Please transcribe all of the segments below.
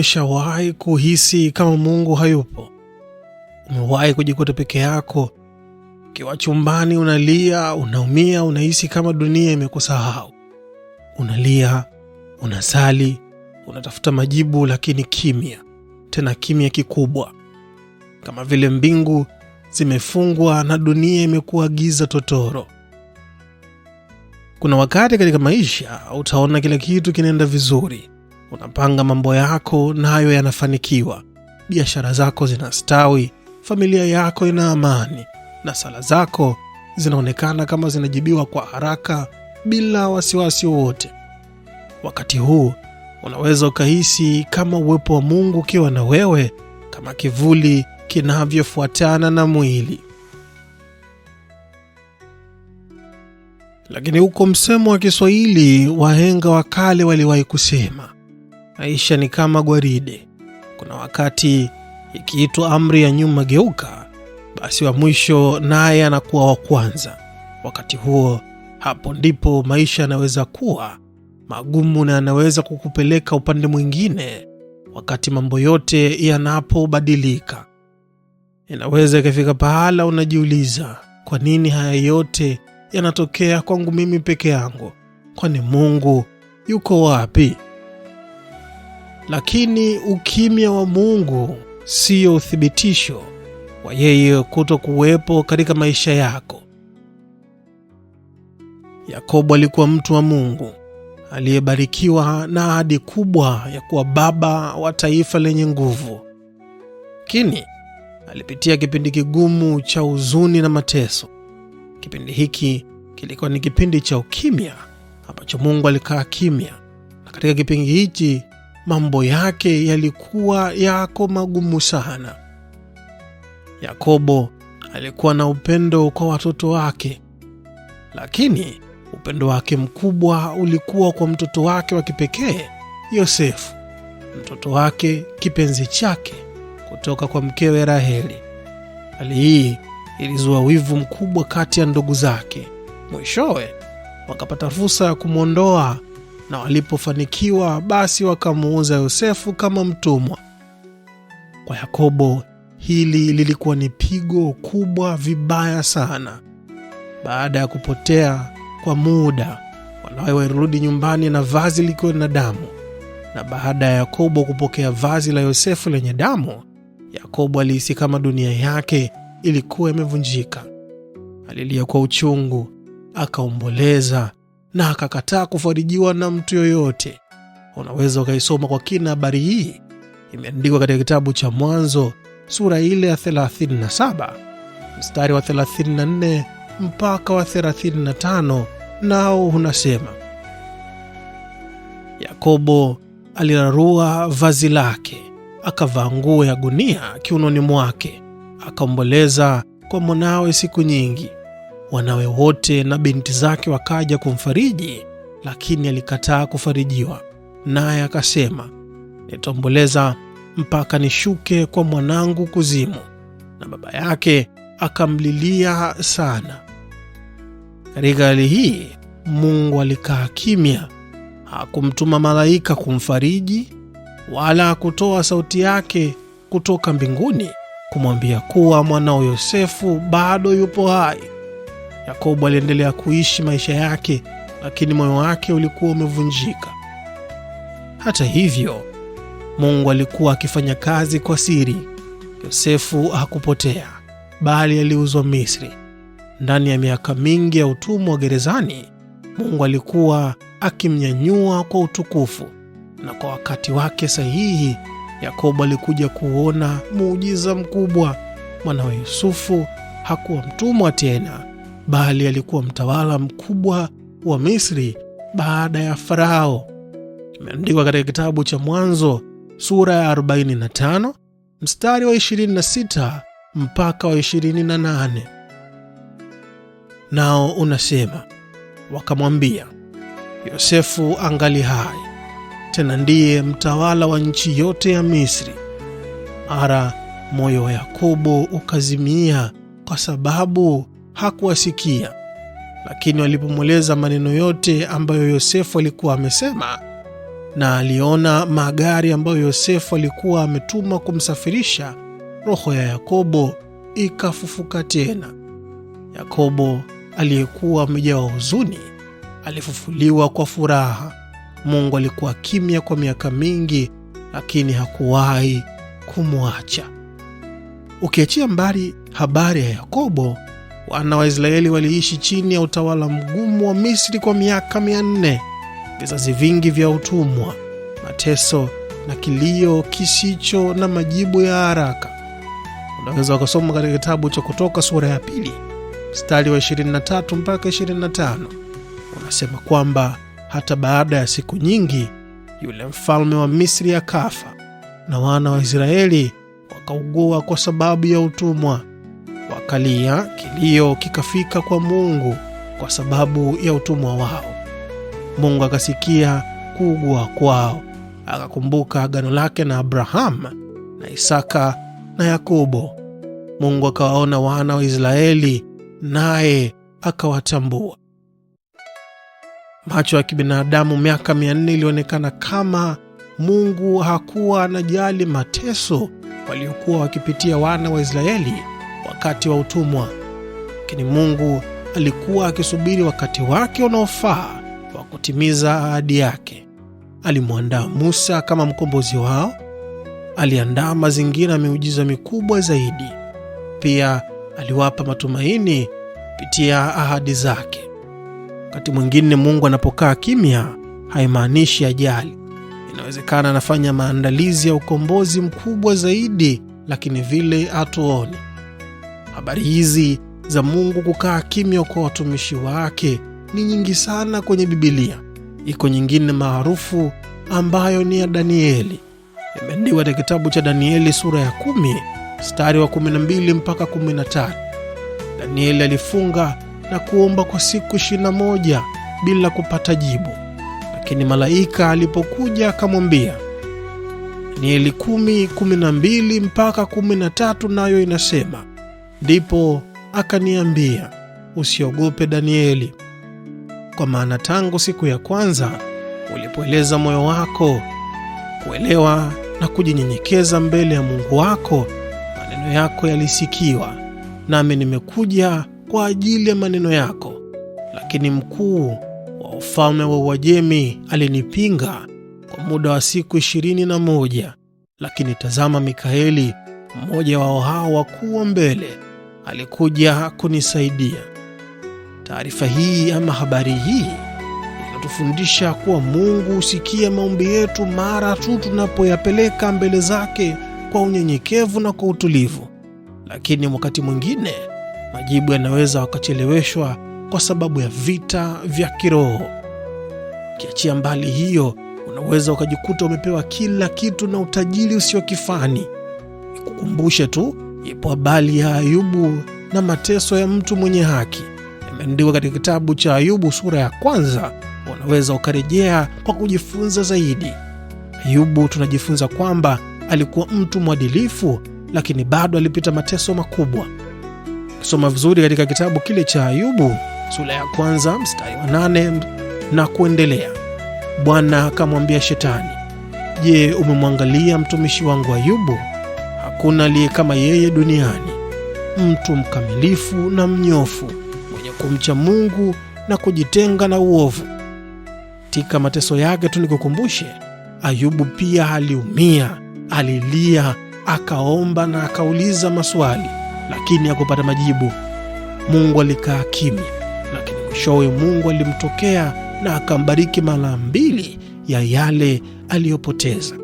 Umeshawahi kuhisi kama Mungu hayupo? Umewahi kujikuta peke yako ukiwa chumbani, unalia, unaumia, unahisi kama dunia imekusahau? Unalia, unasali, unatafuta majibu, lakini kimya, tena kimya kikubwa, kama vile mbingu zimefungwa na dunia imekuwa giza totoro. Kuna wakati katika maisha utaona kila kitu kinaenda vizuri Unapanga mambo yako nayo na yanafanikiwa, biashara zako zinastawi, familia yako ina amani, na sala zako zinaonekana kama zinajibiwa kwa haraka bila wasiwasi wowote. Wakati huu unaweza ukahisi kama uwepo wa Mungu ukiwa na wewe kama kivuli kinavyofuatana na mwili. Lakini huko msemo wa Kiswahili, wahenga wa kale waliwahi kusema, maisha ni kama gwaride. Kuna wakati ikiitwa amri ya nyuma geuka, basi wa mwisho naye anakuwa wa kwanza. Wakati huo hapo ndipo maisha yanaweza kuwa magumu na yanaweza kukupeleka upande mwingine. Wakati mambo yote yanapobadilika, inaweza ikafika pahala unajiuliza, kwa nini haya yote yanatokea kwangu mimi peke yangu? Kwani Mungu yuko wapi? Lakini ukimya wa Mungu siyo uthibitisho wa yeye kuto kuwepo katika maisha yako. Yakobo alikuwa mtu wa Mungu aliyebarikiwa na ahadi kubwa ya kuwa baba wa taifa lenye nguvu, lakini alipitia kipindi kigumu cha huzuni na mateso. Kipindi hiki kilikuwa ni kipindi cha ukimya ambacho Mungu alikaa kimya, na katika kipindi hichi mambo yake yalikuwa yako magumu sana. Yakobo alikuwa na upendo kwa watoto wake, lakini upendo wake mkubwa ulikuwa kwa mtoto wake wa kipekee Yosefu, mtoto wake, kipenzi chake kutoka kwa mkewe Raheli. Hali hii ilizua wivu mkubwa kati ya ndugu zake. Mwishowe wakapata fursa ya kumwondoa na walipofanikiwa basi wakamuuza Yosefu kama mtumwa. Kwa Yakobo hili lilikuwa ni pigo kubwa vibaya sana. Baada ya kupotea kwa muda, wanawe walirudi nyumbani na vazi likiwa na damu, na baada ya Yakobo kupokea vazi la Yosefu lenye damu, Yakobo alihisi kama dunia yake ilikuwa imevunjika. Alilia kwa uchungu, akaomboleza na akakataa kufarijiwa na mtu yoyote. Unaweza ukaisoma kwa kina habari hii, imeandikwa katika kitabu cha Mwanzo sura ile ya 37 mstari wa 34 mpaka wa 35, nao unasema: Yakobo alirarua vazi lake, akavaa nguo ya gunia kiunoni mwake, akaomboleza kwa mwanawe siku nyingi. Wanawe wote na binti zake wakaja kumfariji, lakini alikataa kufarijiwa, naye akasema, nitaomboleza mpaka nishuke kwa mwanangu kuzimu. Na baba yake akamlilia sana. Katika hali hii, Mungu alikaa kimya, hakumtuma malaika kumfariji wala kutoa sauti yake kutoka mbinguni kumwambia kuwa mwanao Yosefu bado yupo hai. Yakobo aliendelea kuishi maisha yake, lakini moyo wake ulikuwa umevunjika. Hata hivyo, Mungu alikuwa akifanya kazi kwa siri. Yosefu hakupotea, bali aliuzwa Misri. Ndani ya miaka mingi ya utumwa wa gerezani, Mungu alikuwa akimnyanyua kwa utukufu, na kwa wakati wake sahihi Yakobo alikuja kuona muujiza mkubwa. Mwanawe Yusufu hakuwa mtumwa tena, bali alikuwa mtawala mkubwa wa Misri baada ya Farao. Imeandikwa katika kitabu cha Mwanzo sura ya 45 mstari wa 26 mpaka wa 28, nao unasema wakamwambia Yosefu angali hai, tena ndiye mtawala wa nchi yote ya Misri. Mara moyo wa Yakobo ukazimia kwa sababu hakuwasikia, lakini walipomweleza maneno yote ambayo Yosefu alikuwa amesema, na aliona magari ambayo Yosefu alikuwa ametuma kumsafirisha, roho ya Yakobo ikafufuka tena. Yakobo aliyekuwa amejawa huzuni alifufuliwa kwa furaha. Mungu alikuwa kimya kwa miaka mingi, lakini hakuwahi kumwacha. Ukiachia mbali habari ya Yakobo, Wana wa Israeli waliishi chini ya utawala mgumu wa Misri kwa miaka mia nne, vizazi vingi vya utumwa, mateso na kilio kisicho na majibu ya haraka. Unaweza wakasoma katika kitabu cha Kutoka sura ya pili mstari wa 23 mpaka 25. Unasema kwamba hata baada ya siku nyingi yule mfalme wa Misri akafa na wana wa Israeli wakaugua kwa sababu ya utumwa. Wakalia kilio kikafika kwa Mungu kwa sababu ya utumwa wao. Mungu akasikia kuugua kwao, akakumbuka agano lake na Abrahamu na Isaka na Yakobo. Mungu akawaona wana wa Israeli naye akawatambua. Macho ya kibinadamu miaka mia nne ilionekana kama Mungu hakuwa anajali mateso waliokuwa wakipitia wana wa Israeli wakati wa utumwa, lakini Mungu alikuwa akisubiri wakati wake unaofaa wa kutimiza ahadi yake. Alimwandaa Musa kama mkombozi wao, aliandaa mazingira ya miujiza mikubwa zaidi. Pia aliwapa matumaini kupitia ahadi zake. Wakati mwingine Mungu anapokaa kimya, haimaanishi ajali. Inawezekana anafanya maandalizi ya ukombozi mkubwa zaidi, lakini vile hatuoni. Habari hizi za Mungu kukaa kimya kwa watumishi wake ni nyingi sana kwenye Bibilia. Iko nyingine maarufu ambayo ni ya Danieli, imeandikwa katika kitabu cha Danieli sura ya kumi mstari wa 12 mpaka 13. Danieli alifunga na kuomba kwa siku 21 bila kupata jibu, lakini malaika alipokuja akamwambia. Danieli 10:12 mpaka 13 nayo inasema Ndipo akaniambia, usiogope Danieli, kwa maana tangu siku ya kwanza ulipoeleza moyo wako kuelewa na kujinyenyekeza mbele ya Mungu wako, maneno yako yalisikiwa, nami nimekuja kwa ajili ya maneno yako. Lakini mkuu wa ufalme wa Uajemi alinipinga kwa muda wa siku ishirini na moja. Lakini tazama, Mikaeli, mmoja wao hao wakuu wa mbele alikuja kunisaidia. Taarifa hii ama habari hii inatufundisha kuwa Mungu husikia maombi yetu mara tu tunapoyapeleka mbele zake kwa unyenyekevu na kwa utulivu, lakini wakati mwingine majibu yanaweza wakacheleweshwa kwa sababu ya vita vya kiroho. Ukiachia mbali hiyo, unaweza ukajikuta umepewa kila kitu na utajiri usio kifani. Nikukumbushe tu Ipo habari ya Ayubu na mateso ya mtu mwenye haki, imeandikwa katika kitabu cha Ayubu sura ya kwanza. Unaweza ukarejea kwa kujifunza zaidi. Ayubu, tunajifunza kwamba alikuwa mtu mwadilifu, lakini bado alipita mateso makubwa. Soma vizuri katika kitabu kile cha Ayubu sura ya kwanza mstari wa nane na kuendelea. Bwana akamwambia Shetani, Je, umemwangalia mtumishi wangu Ayubu hakuna aliye kama yeye duniani, mtu mkamilifu na mnyofu, mwenye kumcha Mungu na kujitenga na uovu. Katika mateso yake tu nikukumbushe Ayubu pia aliumia, alilia, akaomba na akauliza maswali, lakini hakupata majibu. Mungu alikaa kimya, lakini mwishowe Mungu alimtokea na akambariki mara mbili ya yale aliyopoteza.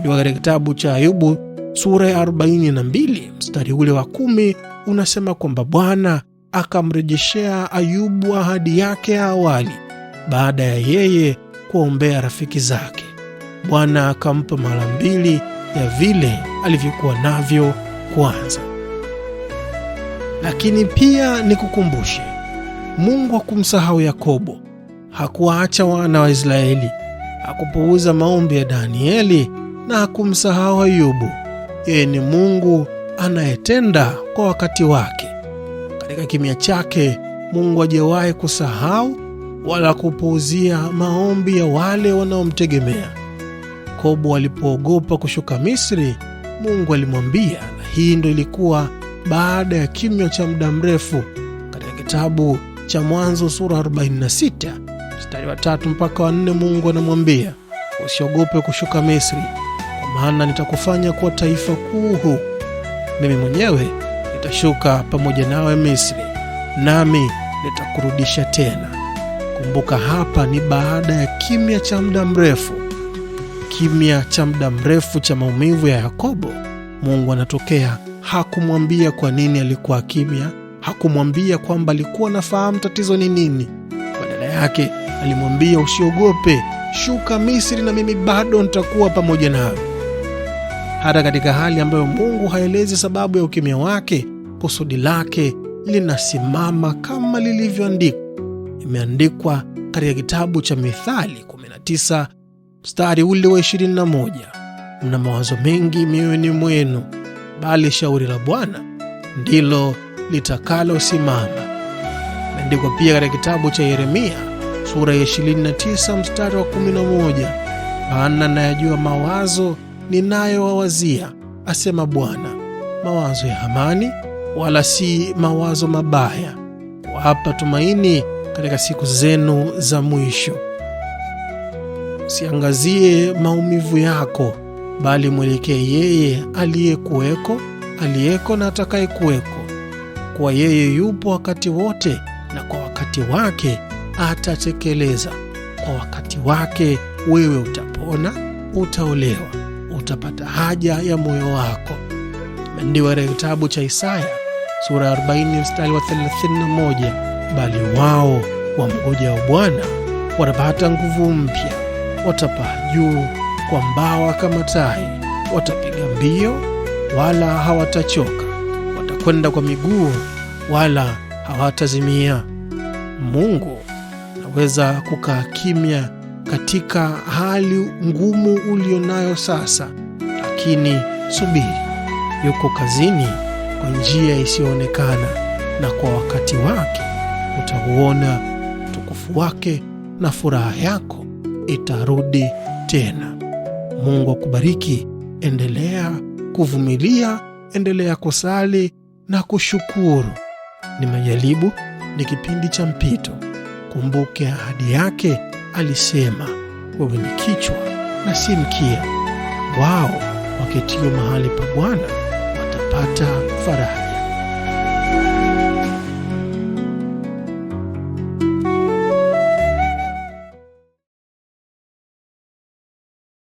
Ndio katika kitabu cha Ayubu sura ya 42 mstari ule wa kumi unasema kwamba Bwana akamrejeshea Ayubu ahadi yake ya awali baada ya yeye kuwaombea rafiki zake. Bwana akampa mara mbili ya vile alivyokuwa navyo kwanza. Lakini pia nikukumbushe, Mungu hakumsahau Yakobo, hakuwaacha wana wa Israeli, hakupuuza maombi ya Danieli na hakumsahau Ayubu. Yeye ni Mungu anayetenda kwa wakati wake. Katika kimya chake, Mungu hajawahi kusahau wala kupuuzia maombi ya wale wanaomtegemea. Yakobo alipoogopa kushuka Misri, Mungu alimwambia, na hii ndo ilikuwa baada ya kimya cha muda mrefu. Katika kitabu cha Mwanzo sura 46 mstari wa tatu mpaka wa nne Mungu anamwambia usiogope kushuka Misri, maana nitakufanya kuwa taifa kuu, mimi mwenyewe nitashuka pamoja nawe Misri, nami nitakurudisha tena. Kumbuka, hapa ni baada ya kimya cha muda mrefu, kimya cha muda mrefu cha maumivu ya Yakobo. Mungu anatokea, hakumwambia kwa nini alikuwa kimya, hakumwambia kwamba alikuwa anafahamu tatizo ni nini. Badala yake alimwambia, usiogope, shuka Misri na mimi bado nitakuwa pamoja nawe hata katika hali ambayo Mungu haelezi sababu ya ukimya wake, kusudi lake linasimama kama lilivyoandikwa. Imeandikwa katika kitabu cha Mithali 19 mstari ule wa 21, mna mawazo mengi mioyoni mwenu, bali shauri la Bwana ndilo litakalosimama. Imeandikwa pia katika kitabu cha Yeremia sura ya 29 mstari wa 11, maana nayajua mawazo ninayowawazia, asema Bwana, mawazo ya amani, wala si mawazo mabaya, wapa tumaini katika siku zenu za mwisho. Usiangazie maumivu yako, bali mwelekee yeye aliyekuweko, aliyeko na atakayekuweko, kwa yeye yupo wakati wote, na kwa wakati wake atatekeleza. Kwa wakati wake wewe utapona, utaolewa utapata haja ya moyo wako. Ndiyo katika kitabu cha Isaya sura ya 40 mstari wa 31, bali wao wa Bwana watapata nguvu mpya, watapaa juu kwa mbawa kama tai, watapiga mbio wala hawatachoka, watakwenda kwa miguu wala hawatazimia. Mungu anaweza kukaa kimya katika hali ngumu ulionayo sasa, lakini subiri, yuko kazini kwa njia isiyoonekana, na kwa wakati wake utauona utukufu wake na furaha yako itarudi tena. Mungu akubariki. Endelea kuvumilia, endelea kusali na kushukuru. Ni majaribu, ni kipindi cha mpito. Kumbuke ahadi yake alisema, wewe ni kichwa na si mkia. Wao waketio mahali pa Bwana watapata faraha